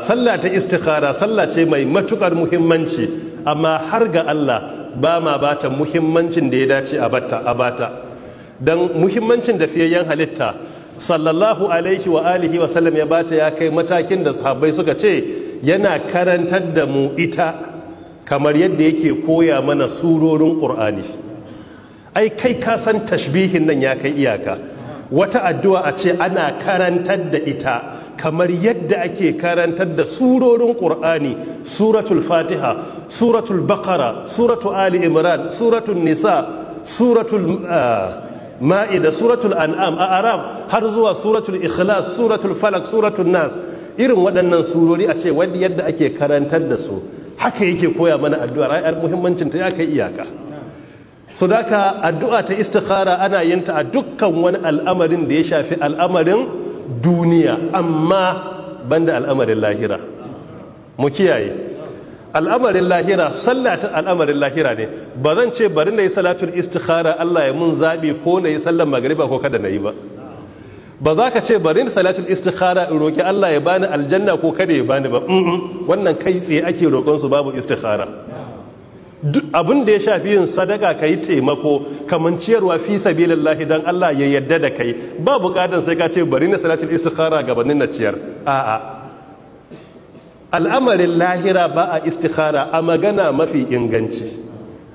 sallah ta istikhara sallah ce mai matukar muhimmanci amma har ga Allah ba ma bata muhimmancin da ya dace a bata a bata dan muhimmancin da fiyayyen halitta sallallahu alaihi wa alihi wa sallam ya bata ya kai matakin da sahabbai suka ce yana karantar da mu ita kamar yadda yake koya mana surorin qur'ani ai kai ka san tashbihin nan ya kai iyaka wata addu'a a ce ana karantar da ita kamar yadda ake karantar da surorin ƙur'ani suratul fatiha suratul bakara suratul ali imran suratul nisa suratul ah, ma'ida suratul an'am a arab har zuwa suratul ikhlas suratul falak suratul nas irin waɗannan surori a ce wanda yadda ake karantar da su haka yake koya mana addu'a ra'ayar muhimmancin ta ya kai iyaka so daka addu'a ta istikhara ana yin ta a dukkan wani al'amarin da ya shafi al'amarin duniya amma banda al'amarin lahira mu kiyaye al'amarin lahira sallata al'amarin lahira ne ba zan ce bari na yi salatul istikhara Allah ya mun zaɓi ko na yi sallan magariba ko kada na yi ba ba za ka ce bari na salatul istikhara in roƙi Allah ya bani aljanna ko kada ya bani ba wannan kai tsaye ake roƙon su babu istikhara abin da ya shafi yin sadaka ka yi taimako kamar ciyarwa fi lallahi don Allah ya yadda da kai ba bukatan sai ka ce bari na salatul istikhara gabanin na ciyar a'a al'amarin lahira ba a istikhara a magana mafi inganci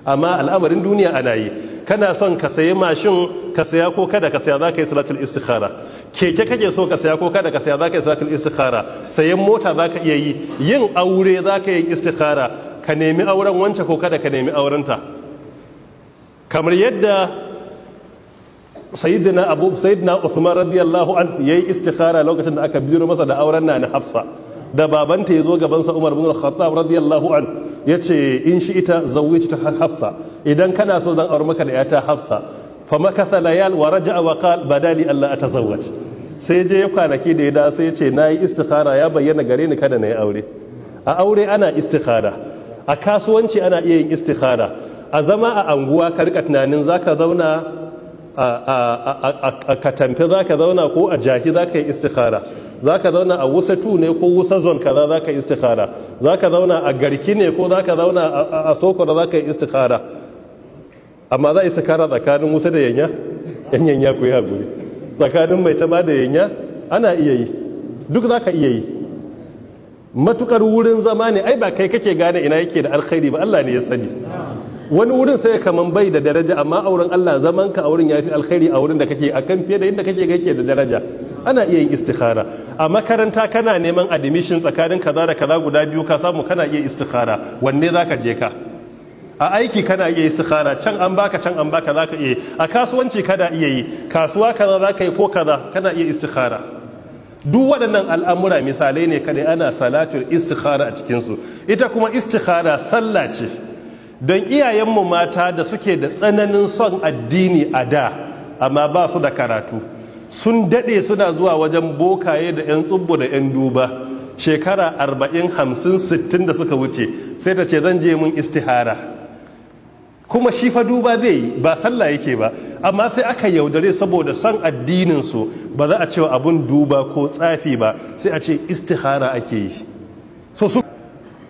amma al'amarin duniya ana yi kana son ka sayi mashin ka saya ko kada ka saya za ka yi salatul istikhara keke kake so ka saya ko kada ka saya za ka yi salatul istikhara sayan mota zaka iya yi yin aure za ka yi istikhara ka nemi auren wance ko kada ka nemi aurenta kamar yadda sayyidina abu sayyidina uthman radiyallahu an yayi istikhara lokacin da aka biro masa da auren na hafsa da babanta ya zo gabansa umar bin al-khattab radiyallahu an ya in shi ita zawwici ta hafsa idan kana so zan aure maka da yata hafsa fa makatha layal wa raja'a wa qala badali allah atazawwaj sai je ya kwanaki da ya da sai ya ce nayi istikhara ya bayyana gare ni kada na yi aure a aure ana istikhara a kasuwanci ana iya yin istikhara a zama a anguwa ka rika tunanin za ka zauna a katamfe ka zauna ko a jahi ka yi istikhara ka zauna a wusa ne ko wusa zon kaza ka yi istikhara ka zauna a garki ne ko za ka zauna a za ka yi istikhara amma za a yi sakara tsakanin wusa da yanya yan yanya ku yi haguri tsakanin mai taba da yanya ana iya yi duk za ka iya yi matukar wurin zama ne ai ba kai kake gane ina yake da alkhairi ba Allah ne ya sani wani wurin sai kaman bai da daraja amma auren Allah zaman ka auren yafi alkhairi a wurin da kake akan fiye da inda kake ga yake da daraja ana iya yin istikhara a makaranta kana neman admission tsakanin kaza da kaza guda biyu ka samu kana iya istikhara wanne zaka je ka a aiki kana iya istikhara can an baka can an baka zaka iya a kasuwanci kada iya yi kasuwa kaza zaka yi ko kaza kana iya istikhara duk waɗannan al'amura misalai ne kaɗai ana salatul istihara a cikinsu ita kuma istihara sallah ce don iyayenmu mata da suke da tsananin son addini a da amma ba su da karatu sun daɗe suna zuwa wajen bokaye da 'yan tsubbu da 'yan duba shekara 40 50 60 da suka wuce sai ta ce zan je mun istihara kuma shi fa duba zai yi ba sallah yake ba amma sai aka yaudare saboda son addinin su ba za a cewa abun duba ko tsafi ba sai a ce istihara ake yi so su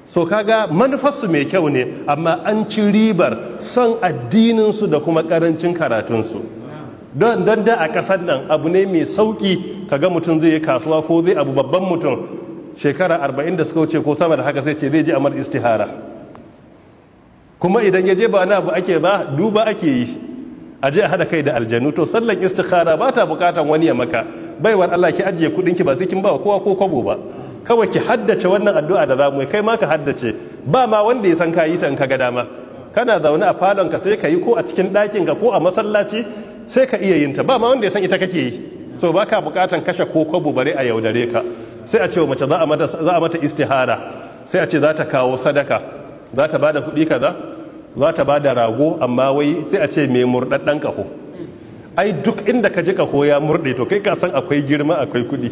so kaga manufarsu mai kyau ne amma an ci ribar son addininsu da kuma karancin karatun su don don da a kasar nan abu ne mai sauki kaga mutum zai yi kasuwa ko zai abu babban mutum shekara 40 da suka wuce ko sama da haka sai ce zai je amar istihara kuma idan ya je ba na abu ake ba duba ake yi a je a hada kai da aljanu to sallan istikhara ba ta bukatan wani ya maka baiwar Allah ki ajiye kudin ki ba sai kin ba kowa ko kwabo ba kawai ki haddace wannan addu'a da zamu kai ma ka haddace ba ma wanda ya san kayi ta in ga dama kana zaune a falon ka sai ka yi ko a cikin ɗakin ka ko a masallaci sai ka iya yin ta ba ma wanda ya san ita kake yi so ba ka bukatan kashe ko kwabo bare a yaudare ka sai a ce wa mace za a mata istihara sai a ce za ta kawo sadaka za ta bada kuɗi kaza za ta ba da rago amma wai sai a ce mai murɗaɗɗen ƙaho ai duk inda ka ji ƙaho ya murɗe to kai ka san akwai girma akwai kuɗi